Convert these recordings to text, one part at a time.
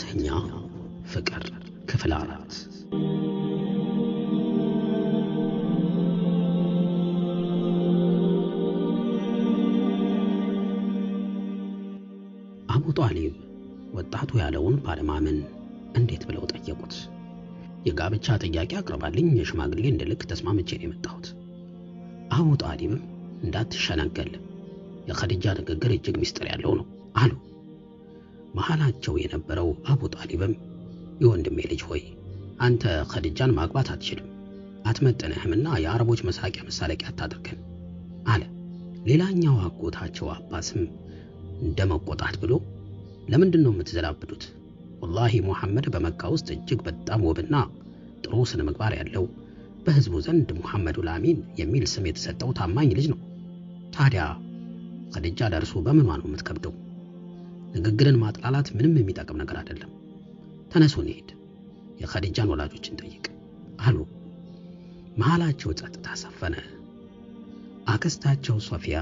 እውነተኛ ፍቅር ክፍል አራት አቡ ጣሊብ ወጣቱ ያለውን ባለማመን እንዴት ብለው ጠየቁት። የጋብቻ ጥያቄ አቅርባልኝ የሽማግሌ እንድልክ ተስማምቼ ነው የመጣሁት። አቡ ጣሊብም እንዳትሸነገል የኸዲጃ ንግግር እጅግ ምስጢር ያለው ነው አሉ። መሃላቸው የነበረው አቡ ጣሊብም የወንድሜ ልጅ ሆይ አንተ ኸዲጃን ማግባት አትችልም፣ አትመጥንህምና የአረቦች መሳቂያ መሳለቂያ አታድርገን አለ። ሌላኛው አጎታቸው አባስም እንደ መቆጣት ብሎ ለምንድን ነው የምትዘላብዱት? ወላሂ ሙሐመድ በመካ ውስጥ እጅግ በጣም ውብና ጥሩ ስነ ምግባር ያለው በህዝቡ ዘንድ ሙሐመዱል አሚን የሚል ስም የተሰጠው ታማኝ ልጅ ነው። ታዲያ ኸዲጃ ለእርሱ በምኗ ነው የምትከብደው? ንግግርን ማጥላላት ምንም የሚጠቅም ነገር አይደለም። ተነሱ እንሂድ፣ የኸዲጃን ወላጆችን ጠይቅ አሉ። መሃላቸው ጸጥታ ሰፈነ። አክስታቸው ሶፊያ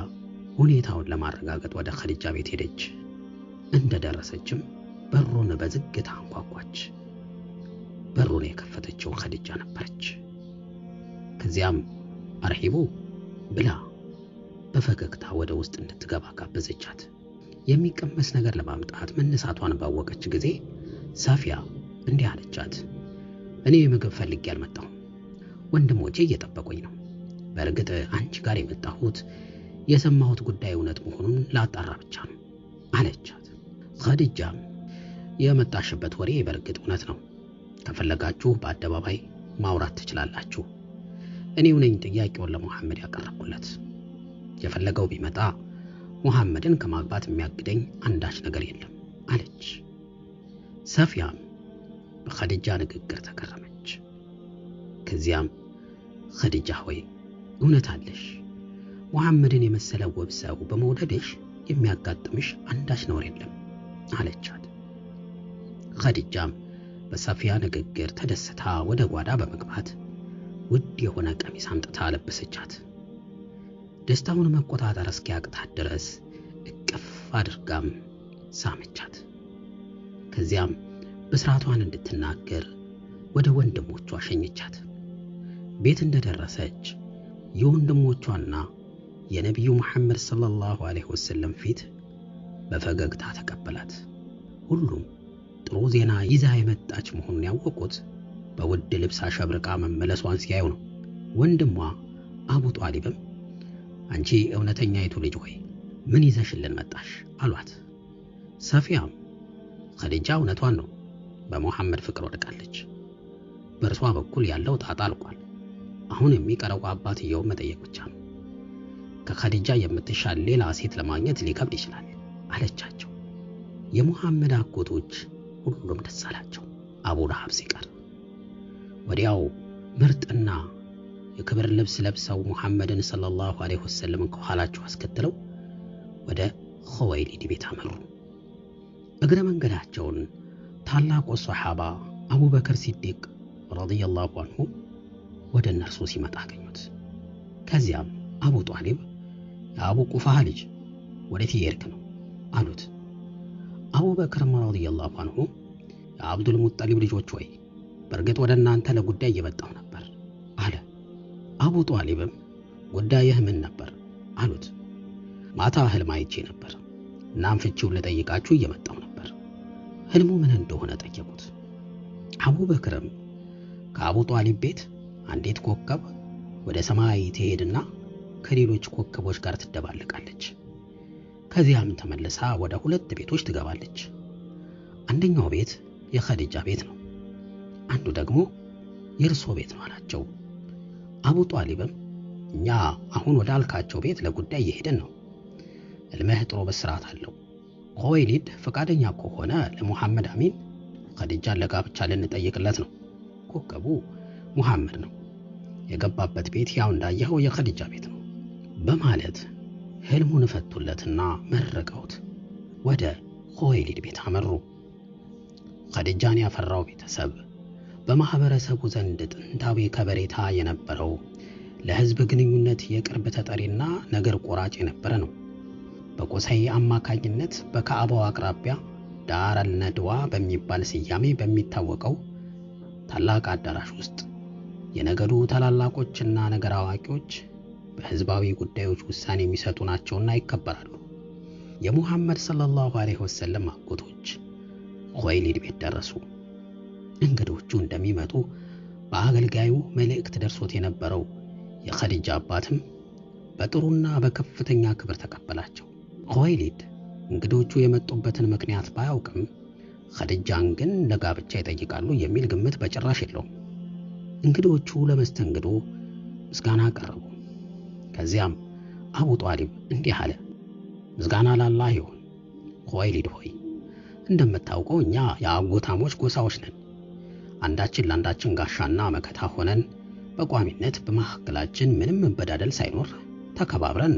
ሁኔታውን ለማረጋገጥ ወደ ኸዲጃ ቤት ሄደች። እንደደረሰችም በሩን በዝግታ አንኳኳች። በሩን የከፈተችው ኸዲጃ ነበረች። ከዚያም አርሂቡ ብላ በፈገግታ ወደ ውስጥ እንድትገባ ጋበዘቻት። የሚቀመስ ነገር ለማምጣት መነሳቷን ባወቀች ጊዜ ሳፊያ እንዲህ አለቻት፣ እኔ ምግብ ፈልጌ አልመጣሁም። ወንድሞቼ እየጠበቁኝ ነው። በእርግጥ አንቺ ጋር የመጣሁት የሰማሁት ጉዳይ እውነት መሆኑን ላጣራ ብቻ ነው አለቻት። ኸድጃም የመጣሽበት ወሬ በእርግጥ እውነት ነው፣ ከፈለጋችሁ በአደባባይ ማውራት ትችላላችሁ። እኔው ነኝ ጥያቄውን ለመሐመድ ያቀረብኩለት የፈለገው ቢመጣ ሙሐመድን ከማግባት የሚያግደኝ አንዳች ነገር የለም አለች። ሰፊያም በኸዲጃ ንግግር ተገረመች። ከዚያም ኸዲጃ ሆይ እውነት አለሽ፣ ሙሐመድን የመሰለ ውብ ሰው በመውደድሽ የሚያጋጥምሽ አንዳች ነውር የለም አለቻት። ኸዲጃም በሰፊያ ንግግር ተደስታ ወደ ጓዳ በመግባት ውድ የሆነ ቀሚስ አምጥታ ለበሰቻት። ደስታውን መቆጣጠር እስኪያቅታት ድረስ እቅፍ አድርጋም ሳመቻት። ከዚያም ብስራቷን እንድትናገር ወደ ወንድሞቿ ሸኘቻት። ቤት እንደደረሰች የወንድሞቿና የነቢዩ መሐመድ ሰለላሁ ዐለይሂ ወሰለም ፊት በፈገግታ ተቀበላት። ሁሉም ጥሩ ዜና ይዛ የመጣች መሆኑን ያወቁት በውድ ልብስ አሸብርቃ መመለሷን ሲያዩ ነው። ወንድሟ አቡ ጧሊብም አንቺ እውነተኛይቱ ልጅ ሆይ ምን ይዘሽልን መጣሽ? አሏት። ሰፊያም ኸዲጃ እውነቷን ነው፣ በሙሐመድ ፍቅር ወድቃለች። በእርሷ በኩል ያለው ጣጣ አልቋል። አሁን የሚቀረው አባትየው መጠየቅ ብቻ ነው። ከኸዲጃ የምትሻል ሌላ ሴት ለማግኘት ሊከብድ ይችላል አለቻቸው። የሙሐመድ አጎቶች ሁሉም ደስ አላቸው፣ አቡ ረሃብ ሲቀር። ወዲያው ምርጥና የክብር ልብስ ለብሰው ሙሐመድን ሰለላሁ ዐለይሂ ወሰለምን ከኋላቸው አስከትለው ወደ ኸወይሊድ ቤት አመሩ። እግረ መንገዳቸውን ታላቁ ሶሓባ አቡበክር ሲዲቅ ረዲየላሁ አንሁ ወደ እነርሱ ሲመጣ አገኙት። ከዚያም አቡ ጧሊብ የአቡ ቁፋሃ ልጅ ወዴት እየሄድክ ነው አሉት። አቡበክርም ረዲየላሁ አንሁ የአብዱልሙጠሊብ ልጆች ወይ በእርግጥ ወደ እናንተ ለጉዳይ እየመጣሁ ነው አቡ ጧሊብም ጉዳይህ ምን ነበር አሉት። ማታ ህልም አይቼ ነበር። እናም ፍቺውን ልጠይቃችሁ እየመጣው ነበር። ህልሙ ምን እንደሆነ ጠየቁት። አቡበክርም ከአቡ ጧሊብ ቤት አንዲት ኮከብ ወደ ሰማይ ትሄድና ከሌሎች ኮከቦች ጋር ትደባልቃለች። ከዚያም ተመልሳ ወደ ሁለት ቤቶች ትገባለች። አንደኛው ቤት የኸዲጃ ቤት ነው፣ አንዱ ደግሞ የእርሶ ቤት ነው አላቸው። አቡ ጧሊብም እኛ አሁን ወዳልካቸው ቤት ለጉዳይ እየሄድን ነው። እልምህ ጥሩ ብስራት አለው። ኹወይሊድ ፈቃደኛ ከሆነ ለሙሐመድ አሚን ኸዲጃን ለጋብቻ ልንጠይቅለት ነው። ኮከቡ ሙሐመድ ነው። የገባበት ቤት ያው እንዳየኸው የኸዲጃ ቤት ነው በማለት ህልሙን ፈቱለትና መረቀውት ወደ ኹወይሊድ ቤት አመሩ። ኸዲጃን ያፈራው ቤተሰብ በማህበረሰቡ ዘንድ ጥንታዊ ከበሬታ የነበረው ለህዝብ ግንኙነት የቅርብ ተጠሪና ነገር ቆራጭ የነበረ ነው። በቆሳይ አማካኝነት በካዕባው አቅራቢያ ዳር አልነድዋ በሚባል ስያሜ በሚታወቀው ታላቅ አዳራሽ ውስጥ የነገዱ ታላላቆችና ነገር አዋቂዎች በህዝባዊ ጉዳዮች ውሳኔ የሚሰጡ ናቸውና ይከበራሉ። የሙሐመድ ሰለላሁ ዐለይሂ ወሰለም አጎቶች ኹወይሊድ ቤት ደረሱ። እንግዶቹ እንደሚመጡ በአገልጋዩ መልእክት ደርሶት የነበረው የኸዲጃ አባትም በጥሩና በከፍተኛ ክብር ተቀበላቸው። ሆይሊድ እንግዶቹ የመጡበትን ምክንያት ባያውቅም ኸዲጃን ግን ለጋብቻ ይጠይቃሉ የሚል ግምት በጭራሽ የለውም። እንግዶቹ ለመስተንግዶ ምስጋና አቀረቡ። ከዚያም አቡ ጧሊብ እንዲህ አለ፣ ምስጋና ላላህ ይሁን። ኹወይሊድ ሆይ እንደምታውቀው እኛ የአጎታሞች ጎሳዎች ነን። አንዳችን ለአንዳችን ጋሻና መከታ ሆነን በቋሚነት በመካከላችን ምንም መበዳደል ሳይኖር ተከባብረን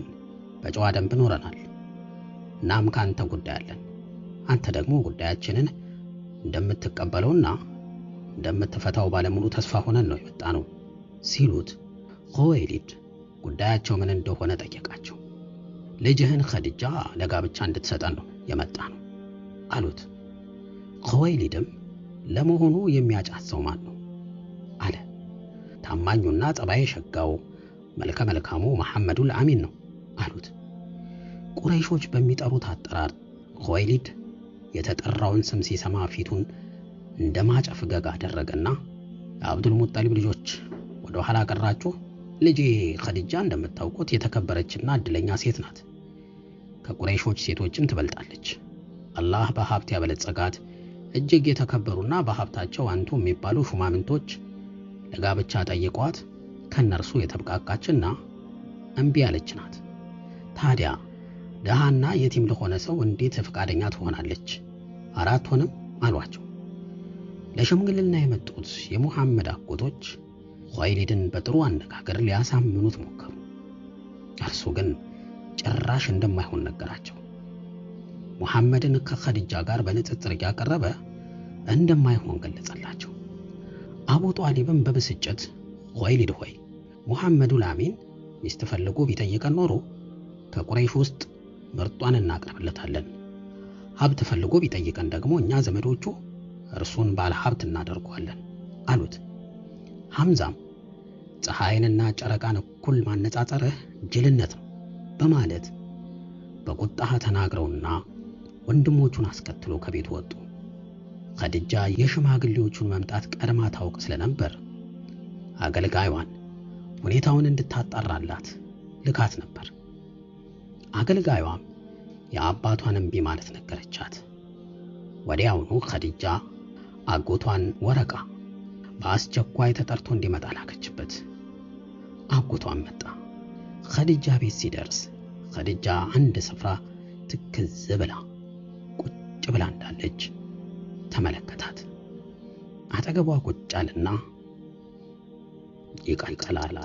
በጨዋ ደንብ ኖረናል። እናም ከአንተ ጉዳይ አለን። አንተ ደግሞ ጉዳያችንን እንደምትቀበለውና እንደምትፈታው ባለሙሉ ተስፋ ሆነን ነው የመጣ ነው ሲሉት ሆዌሊድ ጉዳያቸው ምን እንደሆነ ጠየቃቸው። ልጅህን ኸዲጃ ለጋብቻ እንድትሰጠን ነው የመጣ ነው አሉት። ሆዌሊድም ለመሆኑ የሚያጫት ሰው ማን ነው? አለ። ታማኙና ጸባይ ሸጋው መልከ መልካሙ መሐመዱል አሚን ነው አሉት። ቁረይሾች በሚጠሩት አጠራር ኹወይሊድ የተጠራውን ስም ሲሰማ ፊቱን እንደ ፍገግ አደረገና የአብዱል ሙጠሊብ ልጆች ወደ ኋላ ቀራችሁ። ልጄ ኸዲጃ እንደምታውቁት የተከበረችና እድለኛ ሴት ናት። ከቁረይሾች ሴቶችን ትበልጣለች። አላህ በሀብት ያበለጸጋት እጅግ የተከበሩና በሀብታቸው አንቱ የሚባሉ ሹማምንቶች ለጋብቻ ጠይቋት ከእነርሱ የተብቃቃችና እምቢ ያለች ናት። ታዲያ ድሃና የቲም ለሆነ ሰው እንዴት ፈቃደኛ ትሆናለች? አራት አሏቸው። ለሽምግልና የመጡት የሙሐመድ አጎቶች ኸይሊድን በጥሩ አነጋገር ሊያሳምኑት ሞከሩ። እርሱ ግን ጭራሽ እንደማይሆን ነገራቸው። ሙሐመድን ከኸዲጃ ጋር በንጽጽር እያቀረበ እንደማይሆን ገለጸላቸው። አቡ ጧሊብም በብስጭት ኹወይሊድ ሆይ ሙሐመዱ ላሚን ሚስት ፈልጎ ቢጠይቀን ኖሮ ከቁረይሽ ውስጥ ምርጧን እናቀርብለታለን። ሀብት ፈልጎ ቢጠይቀን ደግሞ እኛ ዘመዶቹ እርሱን ባለ ሀብት እናደርገዋለን አሉት። ሐምዛም ፀሐይንና ጨረቃን እኩል ማነጻጸርህ ጅልነት ነው በማለት በቁጣ ተናግረውና ወንድሞቹን አስከትሎ ከቤት ወጡ። ከድጃ የሽማግሌዎቹን መምጣት ቀድማ ታውቅ ስለነበር አገልጋይዋን ሁኔታውን እንድታጣራላት ልካት ነበር። አገልጋዩዋም የአባቷን እምቢ ማለት ነገረቻት። ወዲያውኑ ከድጃ አጎቷን ወረቃ በአስቸኳይ ተጠርቶ እንዲመጣ ላከችበት። አጎቷን መጣ። ከድጃ ቤት ሲደርስ ከድጃ አንድ ስፍራ ትክዝ ብላ ብላ እንዳለች ተመለከታት። አጠገቧ ቁጭ አለና ይቀጥላል።